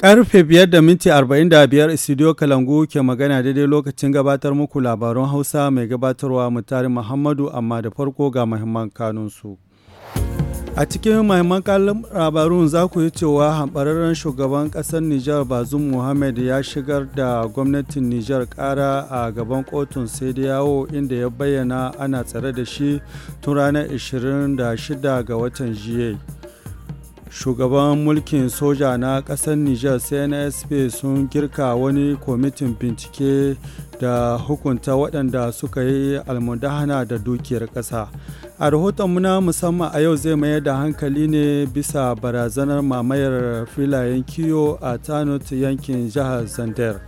Karfe biyar da minti arba'in da biyar Studio Kalangu ke magana daidai lokacin gabatar muku labarun Hausa mai gabatarwa mutari Muhammadu amma da farko ga mahimman kanunsu. A cikin mahimman kalin labarun za ku yi cewa hambararren shugaban ƙasar Nijar Bazum Muhammad ya shigar da gwamnatin Nijar ƙara a gaban kotun sai da yawo inda ya bayyana ana tsare da shi tun ranar 26 ga watan jiya. shugaban mulkin soja na ƙasar niger cnsp sun girka wani kwamitin bincike da hukunta waɗanda suka yi almudahana da dukiyar ƙasa a rahoton na musamman a yau zai mayar da hankali ne bisa barazanar mamayar filayen kiyo a tanut yankin jihar zander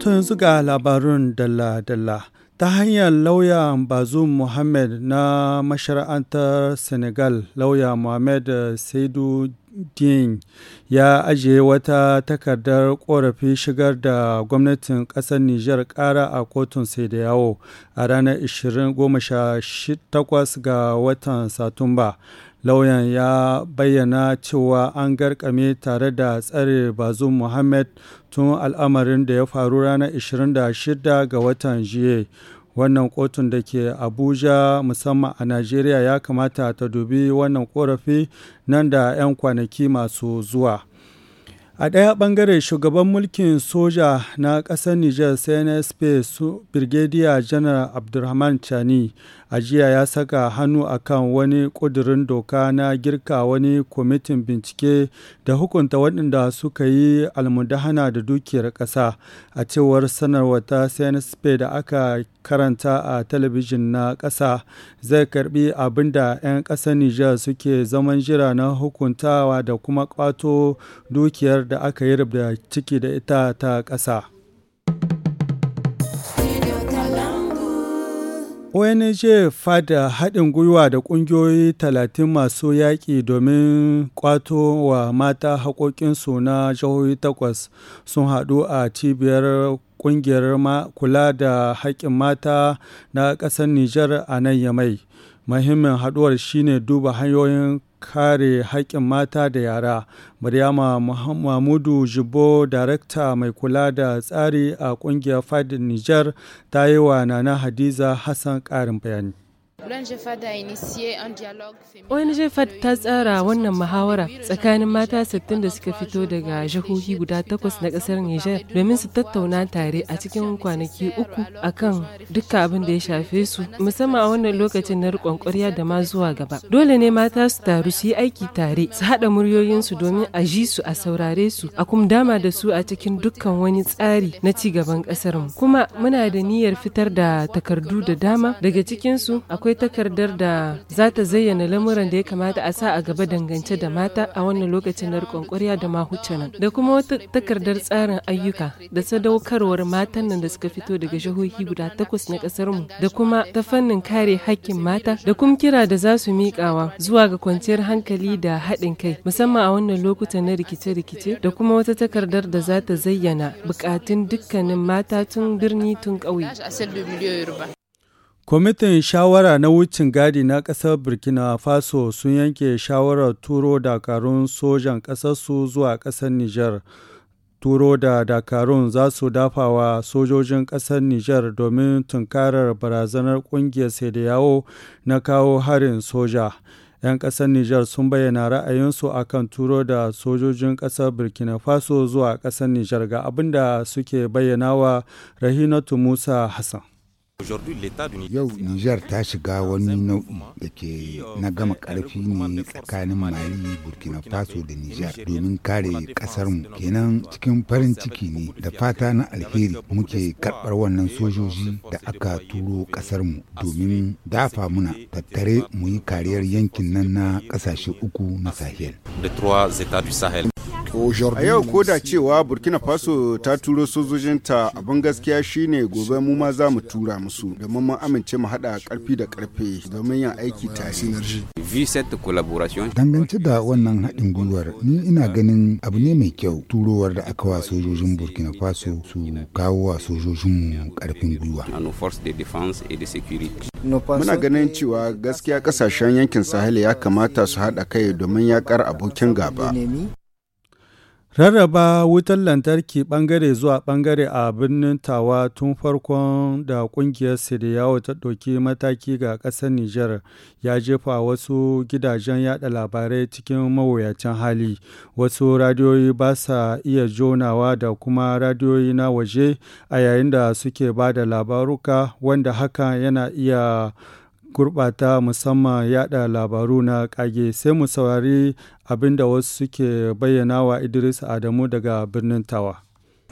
tun zuga labarun dalla-dalla ta hanyar lauya bazoum mohamed na mashara'antar senegal lauya mohamed saidu din ya ajiye wata takardar korafi shigar da gwamnatin kasar niger kara a kotun sai da yawo a ranar 28 ga watan satumba lauyan ya bayyana cewa an garkame tare da tsare bazum muhammad tun al'amarin da ya faru ranar 26 ga watan jiye wannan kotun da ke abuja musamman a najeriya ya kamata ta dubi wannan korafi nan da 'yan kwanaki masu zuwa a ɗaya ɓangare shugaban mulkin soja na ƙasar niger cnsp brigadier Janar abdulrahman chani a jiya ya saka hannu a kan wani ƙudurin doka na girka wani kwamitin bincike da hukunta waɗanda suka yi almudahana da dukiyar ƙasa a cewar sanarwa ta spain da aka karanta a talabijin na ƙasa zai karbi abin da 'yan ƙasar Nijar suke zaman jira na hukuntawa da kuma ƙwato dukiyar da aka yi da ciki da ita ta ƙasa. ONG fada haɗin gwiwa da ƙungiyoyi talatin masu yaƙi domin ƙwato wa mata haƙoƙinsu na jihohi takwas sun haɗu a cibiyar ƙungiyar kula da haƙƙin mata na ƙasar Nijar a nan Yamai. Muhimmin haɗuwar shine duba hanyoyin kare haƙƙin mata da yara. Maryama Mahmudu Jibo, darakta mai kula da tsari a ƙungiyar Fadin Nijar, ta yi wa Nana Hadiza Hassan ƙarin bayani. ONG FAD ta tsara wannan muhawara tsakanin mata 60 da suka fito daga jihohi guda takwas na ƙasar Nijar domin su tattauna tare a cikin kwanaki uku akan dukkan abin da ya shafe su musamman a wannan lokacin na riƙon ƙwarya da ma zuwa gaba. Dole ne mata su taru su yi aiki tare su haɗa muryoyinsu domin a ji su a saurare su a kuma dama da su a cikin dukkan wani tsari na ci gaban mu Kuma muna da niyyar fitar da takardu da dama daga cikinsu akwai akwai takardar da za ta zayyana lamuran da ya kamata a sa a gaba dangance da mata a wannan lokacin na riƙon da ma nan. Da kuma wata takardar tsarin ayyuka da sadaukarwar matan nan da suka fito daga jihohi guda takwas na ƙasar mu da kuma ta fannin kare hakkin mata da kuma kira da za su miƙawa zuwa ga kwanciyar hankali da haɗin kai musamman a wannan lokutan na rikice-rikice da kuma wata takardar da za ta zayyana buƙatun dukkanin mata tun birni tun ƙauye. Kwamitin Shawara na wucin gadi na ƙasar Burkina Faso sun yanke shawarar turo dakarun sojan ƙasarsu zuwa ƙasar Nijar. Turo da dakarun za su dafawa sojojin ƙasar Nijar domin tunkarar barazanar ƙungiyar sai da yawo na kawo harin soja. 'yan ƙasar Nijar sun bayyana ra'ayinsu a kan turo da sojojin ƙasar Burkina Faso zuwa ƙasar Nijar ga abin da suke bayyana wa Rahinatu Musa Hassan. Yau niger ta shiga wani nau'i da ke uh, na gama karfi ne tsakanin Mali, Burkina Faso da niger domin kare ƙasarmu. Kenan cikin farin ciki ne da fata na alheri muke karbar wannan sojoji da aka turo mu domin dafa muna tattare mu yi kariyar yankin nan na kasashe uku na Sahel. A yau ko da cewa Burkina Faso ta turo sojojinta abin gaskiya shine gobe mu ma za mu tura musu da mun amince mu haɗa ƙarfi da ƙarfe domin yin aiki tare. Dangance da wannan haɗin gwiwar ni ina ganin abu ne mai kyau turowar da aka wa sojojin Burkina Faso su kawo wa sojojinmu ƙarfin gwiwa. Muna ganin cewa gaskiya ƙasashen yankin Sahel ya kamata su haɗa kai domin yaƙar abokin gaba. Rarraba wutar lantarki ɓangare zuwa ɓangare a birnin Tawa tun farkon da ƙungiyar Sidiyawa ta ɗauki mataki ga ƙasar Nijar ya jefa wasu gidajen yada labarai cikin mawuyacin hali. Wasu radiyoyi ba sa iya jonawa da kuma radiyoyi na waje a yayin da suke ba da labaruka wanda haka yana iya gurɓata musamman yada labaru na ƙage sai mu saurari abinda wasu suke bayyana bayyanawa Idris Adamu daga birnin Tawa.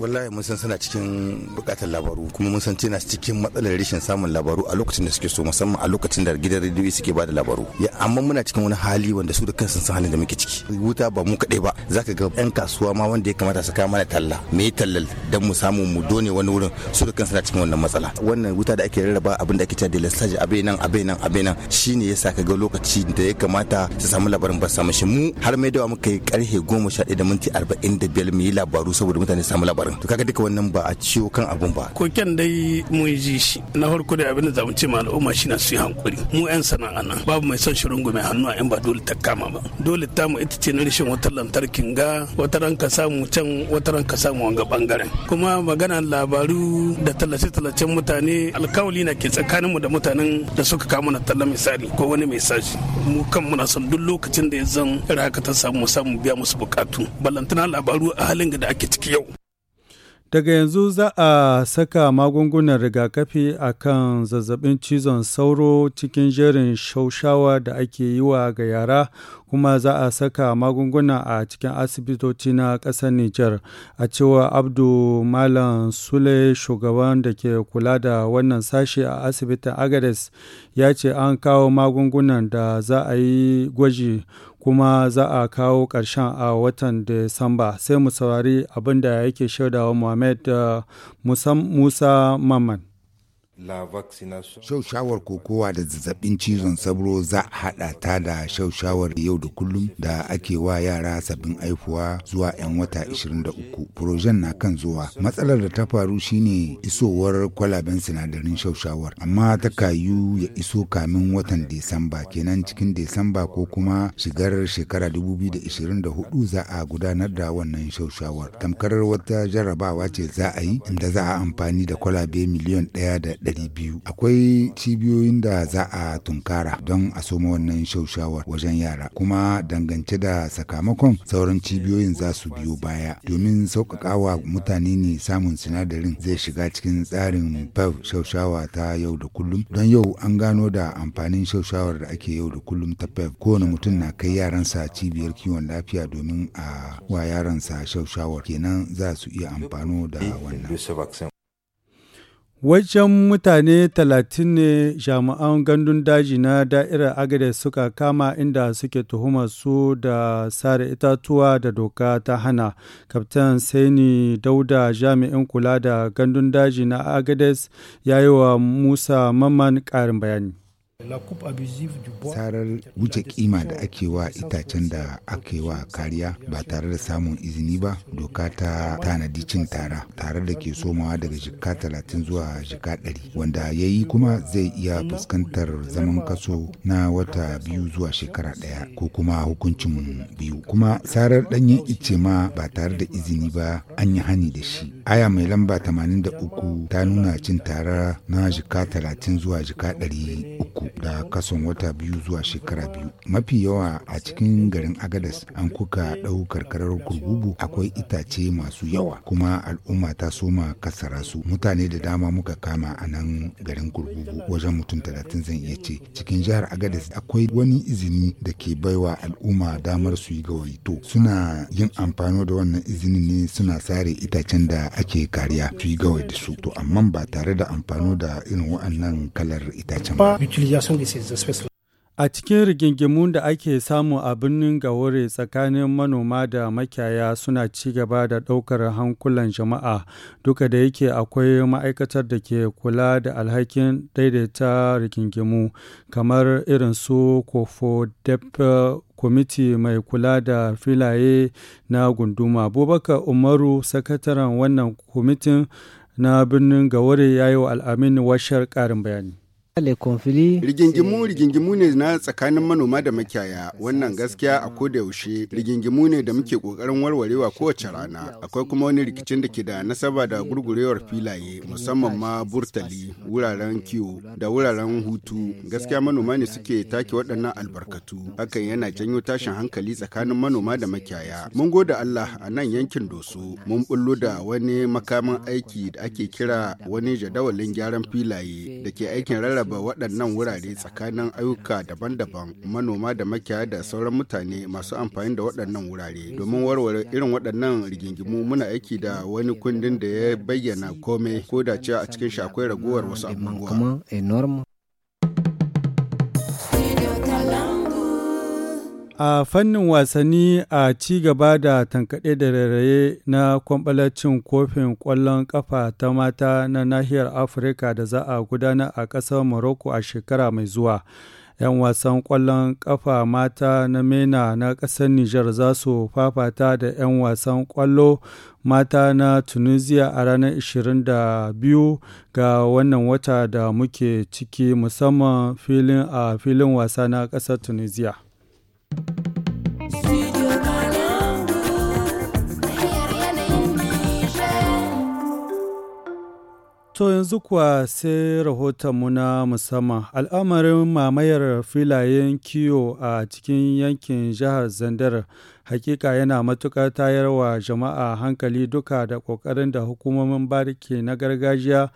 wallahi mun san suna cikin bukatar labaru kuma mun san tana cikin matsalar rashin samun labaru a lokacin da suke so musamman a lokacin da gidan rediyo suke bada labaru ya amma muna cikin wani hali wanda su da kansu san halin da muke ciki wuta ba mu kadai ba zaka ga yan kasuwa ma wanda ya kamata su kawo mana talla me tallal dan mu samu mu done wani wurin su da kansu na cikin wannan matsala wannan wuta da ake rarraba abin da ake cewa delastaji abe nan abe nan abe nan shine yasa ka ga lokaci da ya kamata su samu labarin ba samu shi mu har mai dawa muka yi karhe 10:45 da minti 45 mu yi labaru saboda mutane samu labarin wurin to kaga duka wannan ba a ciwo kan abun ba koken dai mun ji shi na farko da abin da zamu ce ma al'umma shi na su yi hankuri mu yan sana'a nan babu mai son shirungu mai hannu a yan ba dole ta kama ba dole ta mu ita ce na rishin wutar lantarkin ga wata ran ka samu can wata ran ka samu wanga bangaren kuma magana labaru da tallace-tallacen mutane alkawali na ke tsakanin mu da mutanen da suka kama na talla misali ko wani mai saji? mu kan muna son duk lokacin da ya zan raka ta samu samu biya musu bukatu ballantana labaru a halin da ake ciki yau Daga yanzu za a saka magungunan rigakafi a kan zazzabin cizon sauro cikin jerin shaushawa da ake yi wa ga yara kuma za a saka magunguna a cikin asibitoci na ƙasar Nijar. A cewa Abdu Malam Sule shugaban da ke kula da wannan sashe a asibitin Agades ya ce an kawo magungunan da za a yi gwaji kuma za a kawo ƙarshen a watan Disamba sai mu saurari abin da yake shaidawa Muhammad eh, Musa maman Shaushawar kokowa da zazzabin cizon sabro za a haɗa ta da shaushawar yau da kullum da ake wa yara sabbin aifuwa zuwa 'yan wata 23. Furojen na kan zuwa. Matsalar da ta faru shine isowar kwalaben sinadarin shawar, amma ta kayu ya iso kamin watan Desamba kenan cikin Desamba ko kuma shigar shekara 2024 za a gudanar da wannan shawar Tamkar wata jarrabawa ce za a yi inda za a amfani da kwalabe miliyan ɗaya da biyu akwai cibiyoyin da za a tunkara don a soma wannan shaushawar wajen yara kuma dangance da sakamakon sauran cibiyoyin za su biyo baya domin sauƙaƙawa mutane ne samun sinadarin zai shiga cikin tsarin pev shaushawa ta yau da kullum don yau an gano da amfanin shaushawar da ake yau da kullum ta pev kowane mutum na kai yaransa cibiyar kiwon lafiya domin a wa yaransa shaushawar kenan za su iya amfano da wannan Wajen mutane talatin ne jami'an gandun daji na da'irar Agade suka kama inda suke tuhumar su da sare itatuwa da doka ta hana. Kaftan Saini Dauda jami'in kula da gandun daji na Agades ya yi wa Musa mamman ƙarin bayani. sarar wuce kima da ake wa itacen da ake wa kariya ba tare da samun izini ba doka ta tanadi cin tara tare da ke somawa daga jika talatin zuwa jika ɗari wanda ya yi kuma zai iya fuskantar zaman kaso na wata biyu zuwa shekara ɗaya ko kuma hukuncin biyu kuma sarar ɗanyen ice ma ba tare da izini ba an yi hani da shi aya mai lamba 83 ta nuna cin tara na jika talatin zuwa jika ɗari da kason wata biyu zuwa shekara biyu mafi yawa a cikin garin agadas an kuka ɗau karkarar kurbubu akwai itace masu yawa kuma al'umma ta soma kasara su mutane da dama muka kama a nan garin kurbubu wajen mutum talatin zan iya ce cikin jihar agadas akwai wani izini da ke baiwa al'umma damar su yi gawaito suna yin amfani da wannan izini ne suna sare itacen da ake kariya su yi gawai da su to amma ba tare da amfani da irin waɗannan kalar itacen ba A cikin rigingimu da ake samu a birnin Gawore tsakanin manoma da makiyaya suna ci gaba da ɗaukar hankulan jama'a duka da yake akwai ma'aikatar da ke kula da alhakin daidaita rigingimu kamar irin su kofo eh, kwamiti mai kula da filaye na gunduma. bubakar Umaru sakataren wannan kwamitin na birnin Gawore ya yi wa al'amin washar ƙarin bayani. Rigingimu rigingimu ne na tsakanin manoma da makiyaya wannan gaskiya a koda yaushe rigingimu ne da muke kokarin warwarewa kowace rana akwai kuma wani rikicin da ke da nasaba da gurgurewar filaye musamman ma burtali wuraren kiwo da wuraren hutu gaskiya manoma ne suke take waɗannan albarkatu hakan yana janyo tashin hankali tsakanin manoma da makiyaya mun gode Allah a nan yankin Doso mun bullo da wani makamin aiki da ake kira wani jadawalin gyaran filaye da ke aikin rarraba rarraba waɗannan wurare tsakanin ayyuka daban-daban manoma da makiyaya da sauran mutane masu amfani da waɗannan wurare domin warware irin waɗannan rigingimu muna aiki da wani kundin da ya bayyana komai ko da cewa a cikin shakwai akwai ragowar wasu abubuwa A fannin wasanni a ci gaba da tankaɗe da rairaye na kwamɓalacin kofin ƙwallon ƙafa ta mata na nahiyar Afirka da za a gudana a ƙasar Morocco a shekara mai zuwa. 'Yan wasan ƙwallon ƙafa mata na MENA na ƙasar Nijar za su fafata da 'yan wasan ƙwallo mata na Tunisia a ranar 22 ga wannan wata da muke ciki musamman filin a filin wasa na ƙasar Tunisia. To yanzu kuwa sai rahotonmu na musamman al'amarin mamayar filayen kiwo a cikin yankin jihar Zandar hakika yana matuƙar tayar wa jama'a hankali duka da ƙoƙarin da hukumomin bariki na gargajiya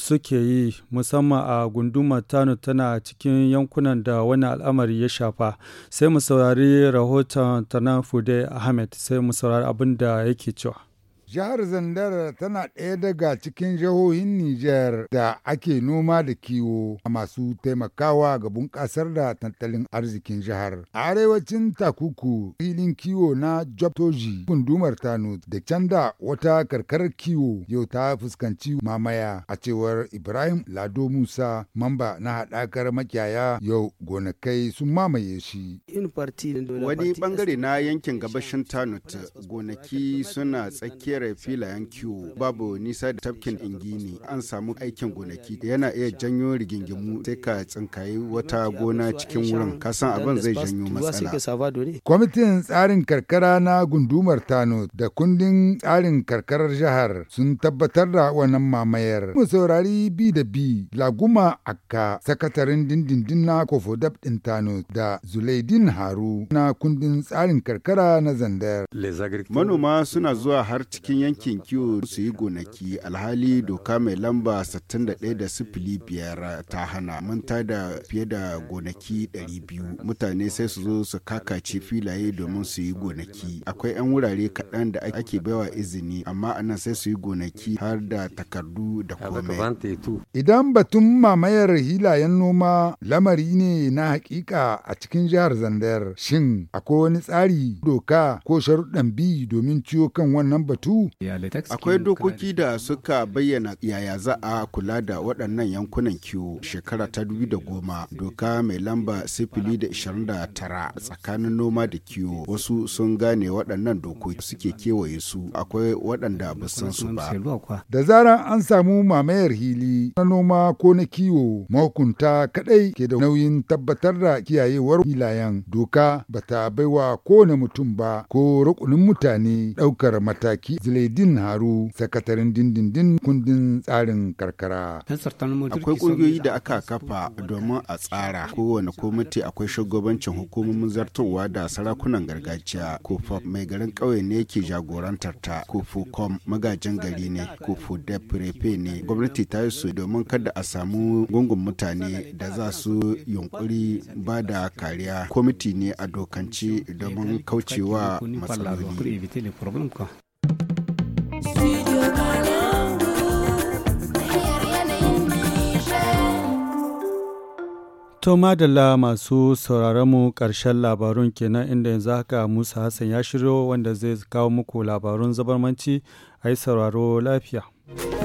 suke yi musamman a gundumar Tano tana cikin yankunan da wani al'amari ya shafa. Sai mu saurari rahoton tana Fude Ahmed sai mu saurari abin da yake cewa. Jihar Zandar tana ɗaya daga cikin jihohin Nijar da ake noma da kiwo a masu taimakawa ga bunƙasar da tattalin arzikin jihar. A arewacin Takuku filin kiwo na Jobtoji gundumar Tano da can da wata karkar kiwo yau ta fuskanci mamaya a cewar Ibrahim Lado Musa mamba na haɗakar makiyaya yau gonakai sun mamaye shi. Wani bangare na yankin gabashin Tanut gonaki suna tsakiya tsakiyar filayen kiwo babu nisa da tafkin ingini an samu aikin gonaki yana iya janyo rigingimu sai ka tsinkayi wata gona cikin wurin kasan abin zai janyo matsala. Kwamitin tsarin karkara na gundumar Tano da kundin tsarin karkarar jihar sun tabbatar da wannan mamayar. Mu saurari bi da bi laguma akka sakatarin dindindin na kofo ɗin Tano da Zulaidin Haru na kundin tsarin karkara na Zandar. Manoma suna zuwa har cikin cikin yankin kiwo su yi gonaki alhali doka mai lamba 61 da sifili biyar ta hana manta da fiye da gonaki 200 mutane sai su zo su kakaci filaye domin su yi gonaki akwai 'yan wurare kaɗan da ake baiwa izini amma anan sai su yi gonaki har da takardu da komai idan batun mamayar hilayen noma lamari ne na hakika a cikin jihar zandar shin akwai wani tsari doka ko sharuɗan bi domin ciwo kan wannan batu su akwai dokoki da suka bayyana yaya za a kula da waɗannan yankunan kiwo shekara ta da goma doka mai lamba sifili da ishirin da tara tsakanin noma da kiwo wasu sun gane waɗannan dokoki suke kewaye su akwai waɗanda ba san su ba da zaran an samu mamayar hili na noma ko na kiwo mahukunta kaɗai ke da nauyin tabbatar da kiyayewar hilayen doka ba bata baiwa kowane mutum ba ko rukunin mutane ɗaukar mataki Zilaidin Haru, sakataren dindindin kundin tsarin karkara. Akwai ƙungiyoyi da aka kafa domin a tsara kowane kwamiti akwai shugabancin hukumomin zartowa da sarakunan gargajiya. Kofa mai garin ƙauye ne ke jagorantar ta. Kofu kom magajin gari ne. Kofu da firefe ne. Gwamnati ta yi su domin kada a samu gungun mutane da za su yunkuri ba da kariya. Kwamiti ne a dokanci domin kaucewa matsaloli. To madalla masu sauraron mu ƙarshen labarun kenan inda yanzu haka Musa Hassan ya shiryo wanda zai kawo muku labarun zabarmanci a yi sauraro lafiya.